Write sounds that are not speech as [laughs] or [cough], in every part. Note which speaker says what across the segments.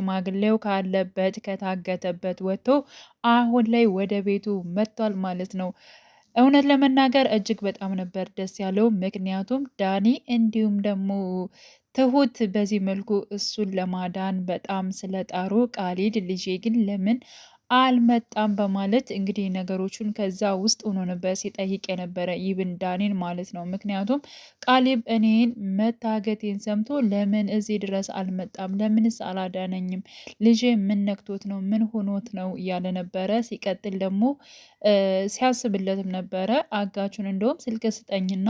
Speaker 1: ሽማግሌው ካለበት ከታገተበት ወጥቶ አሁን ላይ ወደ ቤቱ መጥቷል ማለት ነው። እውነት ለመናገር እጅግ በጣም ነበር ደስ ያለው። ምክንያቱም ዳኒ እንዲሁም ደግሞ ትሁት በዚህ መልኩ እሱን ለማዳን በጣም ስለጣሩ፣ ቃሊድ ልጄ ግን ለምን አልመጣም በማለት እንግዲህ ነገሮቹን ከዛ ውስጥ ሆኖ ነበር ሲጠይቅ የነበረ ይብን ዳኔን ማለት ነው። ምክንያቱም ቃሊብ እኔን መታገቴን ሰምቶ ለምን እዚህ ድረስ አልመጣም? ለምንስ አላዳነኝም? ልጄ ምን ነክቶት ነው? ምን ሆኖት ነው? እያለ ነበረ። ሲቀጥል ደግሞ ሲያስብለትም ነበረ አጋቹን። እንደውም ስልክ ስጠኝና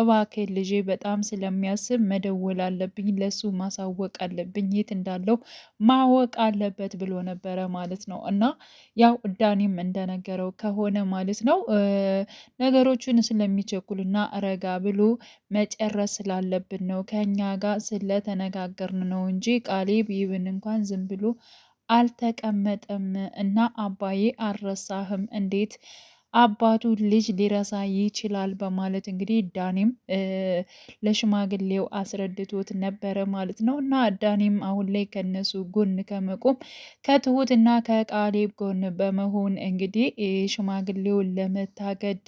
Speaker 1: እባክህ ልጄ በጣም ስለሚያስብ መደወል አለብኝ፣ ለሱ ማሳወቅ አለብኝ፣ የት እንዳለው ማወቅ አለበት ብሎ ነበረ ማለት ነው እና ያው ዳኒም እንደነገረው ከሆነ ማለት ነው ነገሮቹን ስለሚቸኩልና ረጋ ብሎ መጨረስ ስላለብን ነው ከኛ ጋር ስለተነጋገርን ነው እንጂ ቃሌብ ይብን እንኳን ዝም ብሎ አልተቀመጠም እና አባዬ አልረሳህም እንዴት አባቱ ልጅ ሊረሳ ይችላል በማለት እንግዲህ ዳኒም ለሽማግሌው አስረድቶት ነበረ ማለት ነው። እና ዳኒም አሁን ላይ ከነሱ ጎን ከመቆም ከትሁት እና ከቃሌብ ጎን በመሆን እንግዲህ ሽማግሌውን ለመታገድ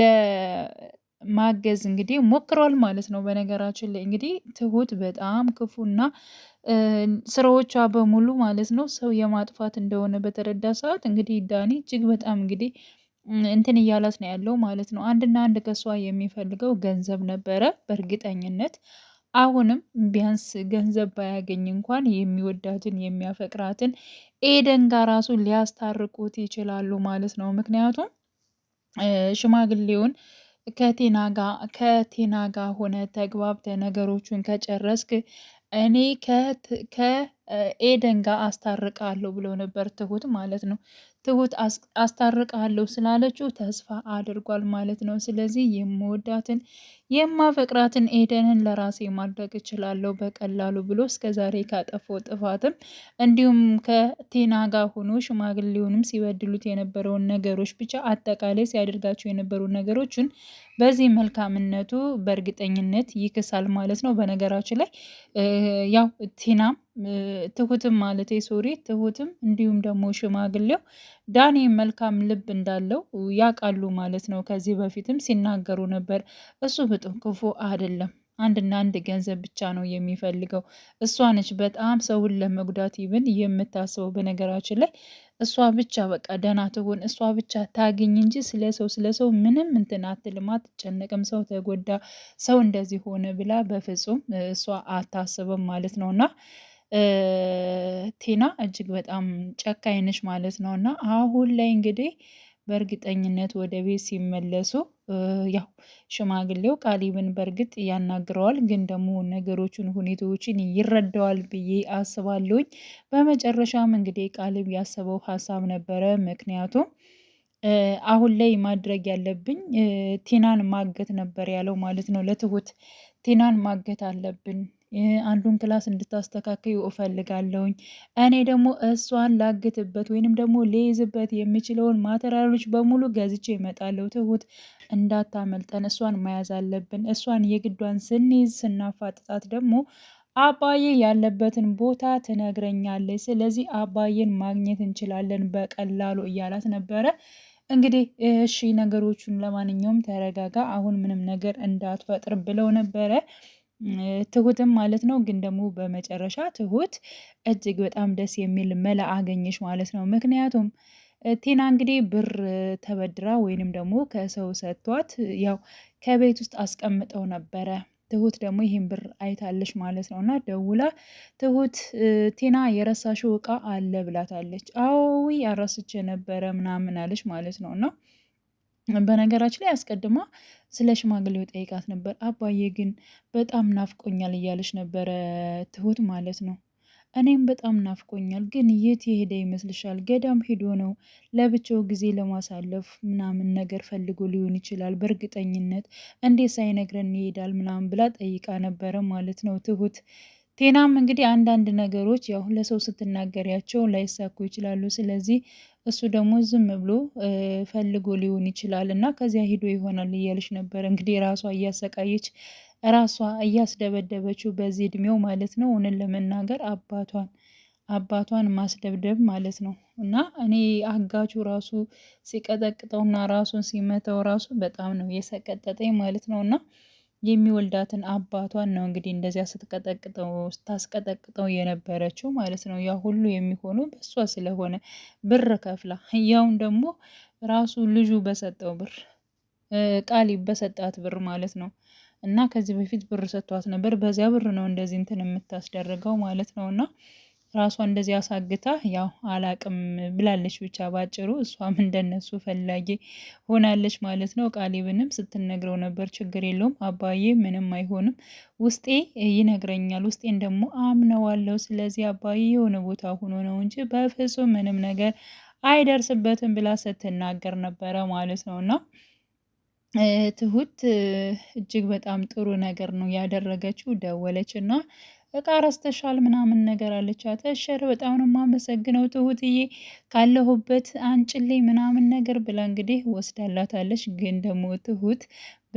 Speaker 1: ለማገዝ እንግዲህ ሞክሯል ማለት ነው። በነገራችን ላይ እንግዲህ ትሁት በጣም ክፉና ስራዎቿ በሙሉ ማለት ነው ሰው የማጥፋት እንደሆነ በተረዳ ሰዓት እንግዲህ ዳኒ እጅግ በጣም እንግዲህ እንትን እያላት ነው ያለው ማለት ነው። አንድና አንድ ከሷ የሚፈልገው ገንዘብ ነበረ በእርግጠኝነት አሁንም ቢያንስ ገንዘብ ባያገኝ እንኳን የሚወዳትን የሚያፈቅራትን ኤደን ጋር ራሱ ሊያስታርቁት ይችላሉ ማለት ነው። ምክንያቱም ሽማግሌውን ከቴና ጋር ከቴና ጋር ሆነ ተግባብተ ነገሮቹን ከጨረስክ እኔ ከኤደን ጋር አስታርቃለሁ ብሎ ነበር ትሁት ማለት ነው። ትሁት አስታርቃለሁ ስላለችው ተስፋ አድርጓል ማለት ነው። ስለዚህ የምወዳትን የማፈቅራትን ኤደንን ለራሴ ማድረግ እችላለሁ በቀላሉ ብሎ እስከዛሬ ካጠፈው ጥፋትም እንዲሁም ከቴና ጋር ሆኖ ሽማግሌውንም ሲበድሉት የነበረውን ነገሮች ብቻ አጠቃላይ ሲያደርጋቸው የነበሩ ነገሮችን በዚህ መልካምነቱ በእርግጠኝነት ይክሳል ማለት ነው። በነገራችን ላይ ያው ቴናም ትሁትም ማለት ሶሪ ትሁትም እንዲሁም ደግሞ ሽማግሌው ዳኔ መልካም ልብ እንዳለው ያውቃሉ ማለት ነው። ከዚህ በፊትም ሲናገሩ ነበር። እሱ ብጥም ክፉ አይደለም። አንድና አንድ ገንዘብ ብቻ ነው የሚፈልገው። እሷ ነች በጣም ሰውን ለመጉዳት ይብን የምታስበው። በነገራችን ላይ እሷ ብቻ በቃ ደህና ትሆን፣ እሷ ብቻ ታገኝ እንጂ ስለ ሰው ስለ ሰው ምንም እንትን አትልም፣ አትጨነቅም። ሰው ተጎዳ፣ ሰው እንደዚህ ሆነ ብላ በፍጹም እሷ አታስብም ማለት ነው እና ቴና እጅግ በጣም ጨካኝ ነች ማለት ነው። እና አሁን ላይ እንግዲህ በእርግጠኝነት ወደ ቤት ሲመለሱ ያው ሽማግሌው ቃሊብን በእርግጥ ያናግረዋል፣ ግን ደግሞ ነገሮችን ሁኔታዎችን ይረዳዋል ብዬ አስባለሁኝ። በመጨረሻም እንግዲህ ቃሊብ ያሰበው ሀሳብ ነበረ። ምክንያቱም አሁን ላይ ማድረግ ያለብኝ ቴናን ማገት ነበር ያለው ማለት ነው። ለትሁት ቴናን ማገት አለብን አንዱን ክላስ እንድታስተካከዩ እፈልጋለሁኝ። እኔ ደግሞ እሷን ላግትበት ወይንም ደግሞ ልይዝበት የምችለውን ማቴሪያሎች በሙሉ ገዝቼ እመጣለሁ። ትሁት እንዳታመልጠን፣ እሷን መያዝ አለብን። እሷን የግዷን ስንይዝ ስናፋጥጣት ደግሞ አባዬ ያለበትን ቦታ ትነግረኛለች። ስለዚህ አባዬን ማግኘት እንችላለን በቀላሉ እያላት ነበረ። እንግዲህ እሺ ነገሮቹን ለማንኛውም ተረጋጋ፣ አሁን ምንም ነገር እንዳትፈጥር ብለው ነበረ። ትሁትም ማለት ነው። ግን ደግሞ በመጨረሻ ትሁት እጅግ በጣም ደስ የሚል መላ አገኘች ማለት ነው። ምክንያቱም ቲና እንግዲህ ብር ተበድራ ወይንም ደግሞ ከሰው ሰጥቷት ያው ከቤት ውስጥ አስቀምጠው ነበረ። ትሁት ደግሞ ይህን ብር አይታለች ማለት ነው። እና ደውላ ትሁት ቴና የረሳሽው እቃ አለ ብላታለች። አዎ አረስቼ ነበረ ምናምን አለች ማለት ነው እና በነገራችን ላይ አስቀድማ ስለ ሽማግሌው ጠይቃት ነበር። አባዬ ግን በጣም ናፍቆኛል እያለች ነበረ ትሁት ማለት ነው። እኔም በጣም ናፍቆኛል፣ ግን የት የሄደ ይመስልሻል? ገዳም ሄዶ ነው ለብቻው ጊዜ ለማሳለፍ ምናምን ነገር ፈልጎ ሊሆን ይችላል። በእርግጠኝነት እንዴት ሳይነግረን ይሄዳል ምናምን ብላ ጠይቃ ነበረ ማለት ነው ትሁት። ቴናም እንግዲህ አንዳንድ ነገሮች ያው ለሰው ስትናገሪያቸው ላይሳኩ ይችላሉ። ስለዚህ እሱ ደግሞ ዝም ብሎ ፈልጎ ሊሆን ይችላል እና ከዚያ ሂዶ ይሆናል እያለች ነበር እንግዲህ ራሷ እያሰቃየች ራሷ እያስደበደበችው በዚህ እድሜው ማለት ነው። እውነት ለመናገር አባቷን አባቷን ማስደብደብ ማለት ነው እና እኔ አጋቹ ራሱ ሲቀጠቅጠውና ራሱን ሲመተው ራሱ በጣም ነው የሰቀጠጠኝ ማለት ነው እና የሚወልዳትን አባቷን ነው እንግዲህ እንደዚያ ስትቀጠቅጠው ስታስቀጠቅጠው የነበረችው ማለት ነው። ያ ሁሉ የሚሆኑ በሷ ስለሆነ ብር ከፍላ ያውን ደግሞ ራሱ ልጁ በሰጠው ብር ቃሊ በሰጣት ብር ማለት ነው። እና ከዚህ በፊት ብር ሰጥቷት ነበር። በዚያ ብር ነው እንደዚህ እንትን የምታስደርገው ማለት ነው እና ራሷ እንደዚህ አሳግታ ያው አላቅም ብላለች። ብቻ ባጭሩ እሷም እንደነሱ ፈላጊ ሆናለች ማለት ነው። ቃሊብንም ስትነግረው ነበር። ችግር የለውም አባዬ፣ ምንም አይሆንም፣ ውስጤ ይነግረኛል፣ ውስጤን ደግሞ አምነዋለሁ። ስለዚህ አባዬ የሆነ ቦታ ሆኖ ነው እንጂ በፍጹም ምንም ነገር አይደርስበትም ብላ ስትናገር ነበረ ማለት ነው እና ትሁት እጅግ በጣም ጥሩ ነገር ነው ያደረገችው። ደወለች እና እቃ ረስተሻል ምናምን ነገር አለቻት። እሸር በጣም ነው የማመሰግነው ትሁትዬ ካለሁበት አንጭሌ ምናምን ነገር ብላ እንግዲህ ወስዳላታለች። ግን ደግሞ ትሁት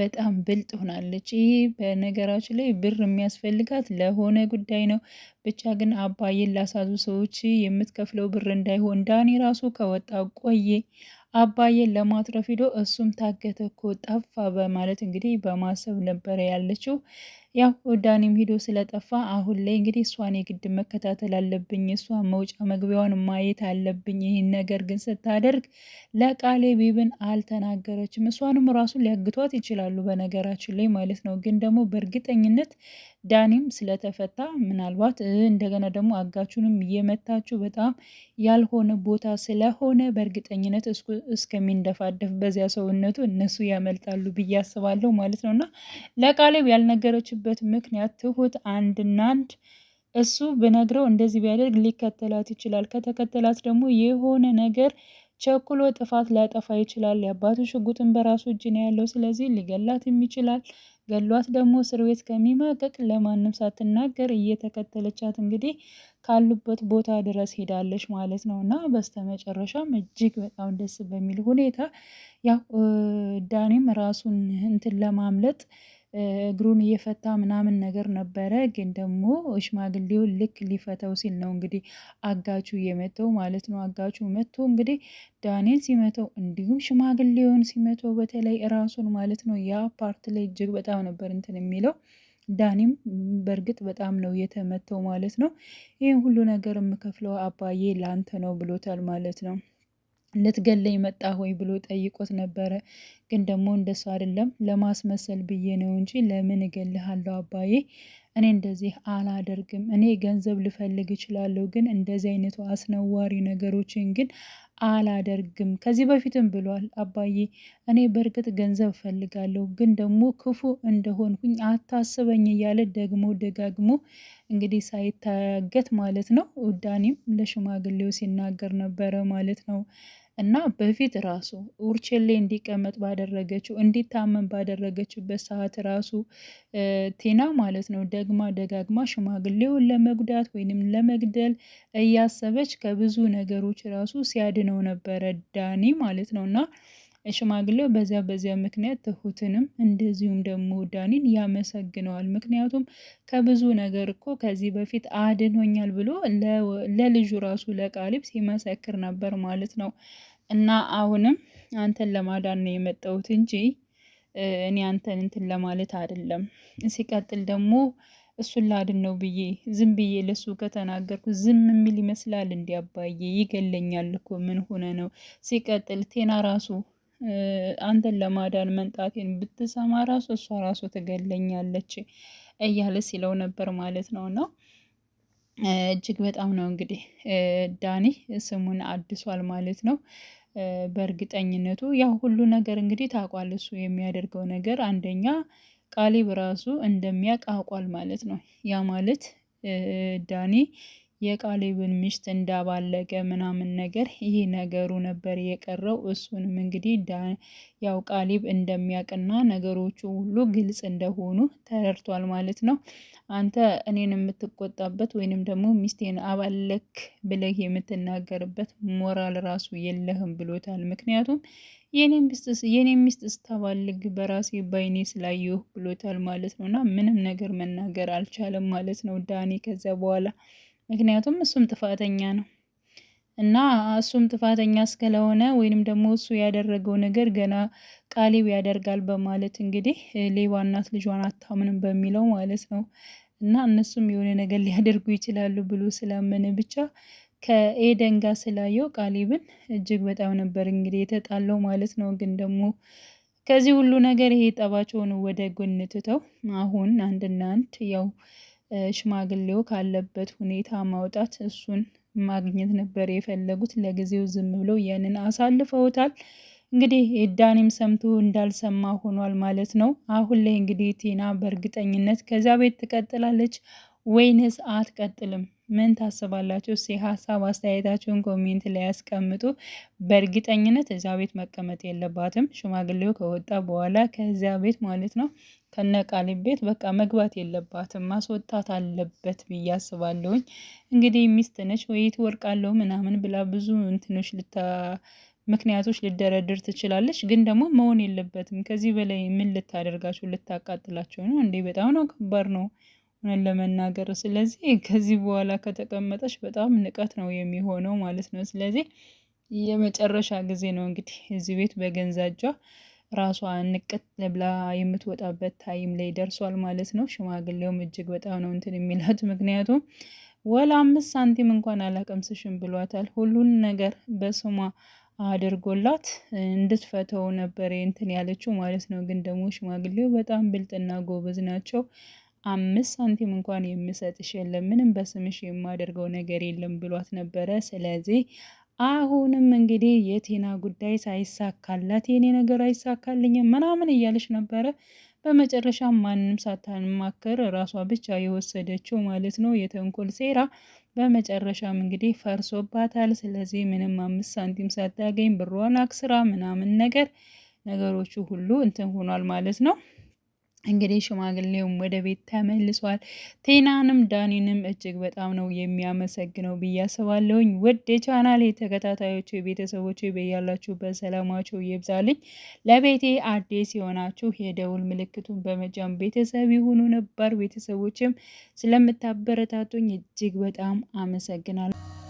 Speaker 1: በጣም ብልጥ ሆናለች። ይህ በነገራችን ላይ ብር የሚያስፈልጋት ለሆነ ጉዳይ ነው። ብቻ ግን አባዬን ላሳዙ ሰዎች የምትከፍለው ብር እንዳይሆን ዳኒ ራሱ ከወጣ ቆየ። አባዬን ለማትረፍ ሂዶ እሱም ታገተ እኮ ጠፋ በማለት እንግዲህ በማሰብ ነበረ ያለችው። ያው ዳኒም ሂዶ ስለጠፋ አሁን ላይ እንግዲህ እሷን የግድ መከታተል አለብኝ፣ እሷን መውጫ መግቢያውን ማየት አለብኝ። ይህን ነገር ግን ስታደርግ ለቃሌ ቢብን አልተናገረችም። እሷንም ራሱ ሊያግቷት ይችላሉ፣ በነገራችን ላይ ማለት ነው። ግን ደግሞ በእርግጠኝነት ዳኒም ስለተፈታ ምናልባት እንደገና ደግሞ አጋቹንም እየመታችሁ በጣም ያልሆነ ቦታ ስለሆነ በእርግጠኝነት እስከሚንደፋደፍ በዚያ ሰውነቱ እነሱ ያመልጣሉ ብዬ አስባለሁ ማለት ነው እና ለቃሌብ ያልነገረች የሆነችበት ምክንያት ትሁት አንድና አንድ እሱ ብነግረው እንደዚህ ቢያደርግ ሊከተላት ይችላል። ከተከተላት ደግሞ የሆነ ነገር ቸኩሎ ጥፋት ሊያጠፋ ይችላል። የአባቱ ሽጉጥን በራሱ እጅ ነው ያለው። ስለዚህ ሊገላትም ይችላል። ገሏት ደግሞ እስር ቤት ከሚማቀቅ ለማንም ሳትናገር እየተከተለቻት እንግዲህ ካሉበት ቦታ ድረስ ሄዳለች ማለት ነው እና በስተመጨረሻም እጅግ በጣም ደስ በሚል ሁኔታ ያው ዳኔም ራሱን እንትን ለማምለጥ እግሩን እየፈታ ምናምን ነገር ነበረ። ግን ደግሞ ሽማግሌው ልክ ሊፈተው ሲል ነው እንግዲህ አጋቹ የመተው ማለት ነው። አጋቹ መቶ እንግዲህ ዳንኤል ሲመተው፣ እንዲሁም ሽማግሌውን ሲመተው በተለይ ራሱን ማለት ነው ያ ፓርት ላይ እጅግ በጣም ነበር እንትን የሚለው ዳኒም በእርግጥ በጣም ነው የተመተው ማለት ነው። ይህን ሁሉ ነገር የምከፍለው አባዬ ላንተ ነው ብሎታል ማለት ነው። ልትገለኝ መጣ ሆይ ብሎ ጠይቆት ነበረ። ግን ደግሞ እንደሱ አይደለም ለማስመሰል ብዬ ነው እንጂ ለምን እገልሃለሁ አባዬ፣ እኔ እንደዚህ አላደርግም። እኔ ገንዘብ ልፈልግ እችላለሁ፣ ግን እንደዚህ አይነቱ አስነዋሪ ነገሮችን ግን አላደርግም። ከዚህ በፊትም ብሏል አባዬ፣ እኔ በእርግጥ ገንዘብ እፈልጋለሁ፣ ግን ደግሞ ክፉ እንደሆንኩኝ አታስበኝ እያለ ደግሞ ደጋግሞ እንግዲህ ሳይታገት ማለት ነው ዳኒም ለሽማግሌው ሲናገር ነበረ ማለት ነው። እና በፊት ራሱ ውርቼሌ እንዲቀመጥ ባደረገችው እንዲታመን ባደረገችበት ሰዓት ራሱ ቴና ማለት ነው ደግማ ደጋግማ ሽማግሌውን ለመጉዳት ወይንም ለመግደል እያሰበች ከብዙ ነገሮች ራሱ ሲያድነው ነበረ ዳኒ ማለት ነው እና ሽማግሌው በዚያ በዚያ ምክንያት ትሁትንም እንደዚሁም ደግሞ ዳኒን ያመሰግነዋል። ምክንያቱም ከብዙ ነገር እኮ ከዚህ በፊት አድኖኛል ብሎ ለልጁ ራሱ ለቃሊብ ሲመሰክር ነበር ማለት ነው። እና አሁንም አንተን ለማዳን ነው የመጣሁት እንጂ እኔ አንተን እንትን ለማለት አይደለም። ሲቀጥል ደግሞ እሱን ላድን ነው ብዬ ዝም ብዬ ለሱ ከተናገርኩ ዝም የሚል ይመስላል እንዲያባዬ ይገለኛል እኮ ምን ሆነ ነው። ሲቀጥል ቴና ራሱ አንተን ለማዳን መንጣቴን ብትሰማ ራሱ እሷ ራሱ ትገለኛለች እያለ ሲለው ነበር ማለት ነው ነው እጅግ በጣም ነው እንግዲህ ዳኒ ስሙን አድሷል ማለት ነው። በእርግጠኝነቱ ያው ሁሉ ነገር እንግዲህ ታውቋል። እሱ የሚያደርገው ነገር አንደኛ ቃሌብ ራሱ እንደሚያውቅ አውቋል ማለት ነው። ያ ማለት ዳኒ የቃሌብን ሚስት እንዳባለገ ምናምን ነገር ይህ ነገሩ ነበር የቀረው። እሱንም እንግዲህ ያው ቃሌብ እንደሚያውቅና ነገሮቹ ሁሉ ግልጽ እንደሆኑ ተረድቷል ማለት ነው። አንተ እኔን የምትቆጣበት ወይንም ደግሞ ሚስቴን አባለክ ብለህ የምትናገርበት ሞራል ራሱ የለህም ብሎታል። ምክንያቱም የኔ ሚስት ስታባልግ በራሴ ባይኔ ስላየሁ ብሎታል ማለት ነው። እና ምንም ነገር መናገር አልቻለም ማለት ነው ዳኒ ከዚያ በኋላ ምክንያቱም እሱም ጥፋተኛ ነው እና እሱም ጥፋተኛ እስከለሆነ ወይንም ደግሞ እሱ ያደረገው ነገር ገና ቃሊብ ያደርጋል በማለት እንግዲህ ሌባ እናት ልጇን አታምንም በሚለው ማለት ነው እና እነሱም የሆነ ነገር ሊያደርጉ ይችላሉ ብሎ ስላመነ ብቻ ከኤደን ጋር ስላየው ቃሊብን እጅግ በጣም ነበር እንግዲህ የተጣለው ማለት ነው። ግን ደግሞ ከዚህ ሁሉ ነገር ይሄ ጠባቸውን ወደ ጎን ትተው አሁን አንድና አንድ ያው ሽማግሌው ካለበት ሁኔታ ማውጣት እሱን ማግኘት ነበር የፈለጉት። ለጊዜው ዝም ብለው ያንን አሳልፈውታል። እንግዲህ ዳኔም ሰምቶ እንዳልሰማ ሆኗል ማለት ነው። አሁን ላይ እንግዲህ ቴና በእርግጠኝነት ከዚያ ቤት ትቀጥላለች። ወይንስ አትቀጥልም? ምን ታስባላችሁ? እስኪ ሀሳብ አስተያየታችሁን ኮሜንት ላይ ያስቀምጡ። በእርግጠኝነት እዚያ ቤት መቀመጥ የለባትም ሽማግሌው ከወጣ በኋላ ከዚያ ቤት ማለት ነው ከነቃሊ ቤት በቃ መግባት የለባትም ማስወጣት አለበት ብዬ አስባለሁኝ። እንግዲህ ሚስት ነች ወይ ትወርቃለሁ ምናምን ብላ ብዙ እንትኖች ልታ ምክንያቶች ልደረድር ትችላለች። ግን ደግሞ መሆን የለበትም ከዚህ በላይ ምን ልታደርጋቸው ልታቃጥላቸው ነው እንዴ? በጣም ነው ከባድ ነው። እውነት ለመናገር ስለዚህ ከዚህ በኋላ ከተቀመጠች በጣም ንቀት ነው የሚሆነው ማለት ነው። ስለዚህ የመጨረሻ ጊዜ ነው እንግዲህ እዚህ ቤት በገዛ እጇ ራሷ ንቅት ብላ የምትወጣበት ታይም ላይ ደርሷል ማለት ነው። ሽማግሌውም እጅግ በጣም ነው እንትን የሚላት [laughs] ምክንያቱም ወላ አምስት ሳንቲም እንኳን አላቀምስሽም ብሏታል። ሁሉን ነገር በስሟ አድርጎላት እንድትፈተው ነበር እንትን ያለችው ማለት ነው። ግን ደግሞ ሽማግሌው በጣም ብልጥና ጎበዝ ናቸው። አምስት ሳንቲም እንኳን የምሰጥሽ የለም፣ ምንም በስምሽ የማደርገው ነገር የለም ብሏት ነበረ። ስለዚህ አሁንም እንግዲህ የቴና ጉዳይ ሳይሳካላት የኔ ነገር አይሳካልኝም ምናምን እያለች ነበረ። በመጨረሻ ማንም ሳታማክር ራሷ ብቻ የወሰደችው ማለት ነው የተንኮል ሴራ። በመጨረሻም እንግዲህ ፈርሶባታል። ስለዚህ ምንም አምስት ሳንቲም ሳታገኝ ብሯን አክስራ ምናምን ነገር ነገሮቹ ሁሉ እንትን ሆኗል ማለት ነው። እንግዲህ ሽማግሌውም ወደ ቤት ተመልሷል። ቴናንም ዳኒንም እጅግ በጣም ነው የሚያመሰግነው ብዬ አስባለሁኝ። ውድ የቻናሌ ተከታታዮች ቤተሰቦች በያላችሁበት ሰላማችሁ ይብዛልኝ። ለቤቴ አዲስ የሆናችሁ የደውል ምልክቱን በመጫን ቤተሰብ ይሁኑ። ነባር ቤተሰቦችም ስለምታበረታቱኝ እጅግ በጣም አመሰግናለሁ።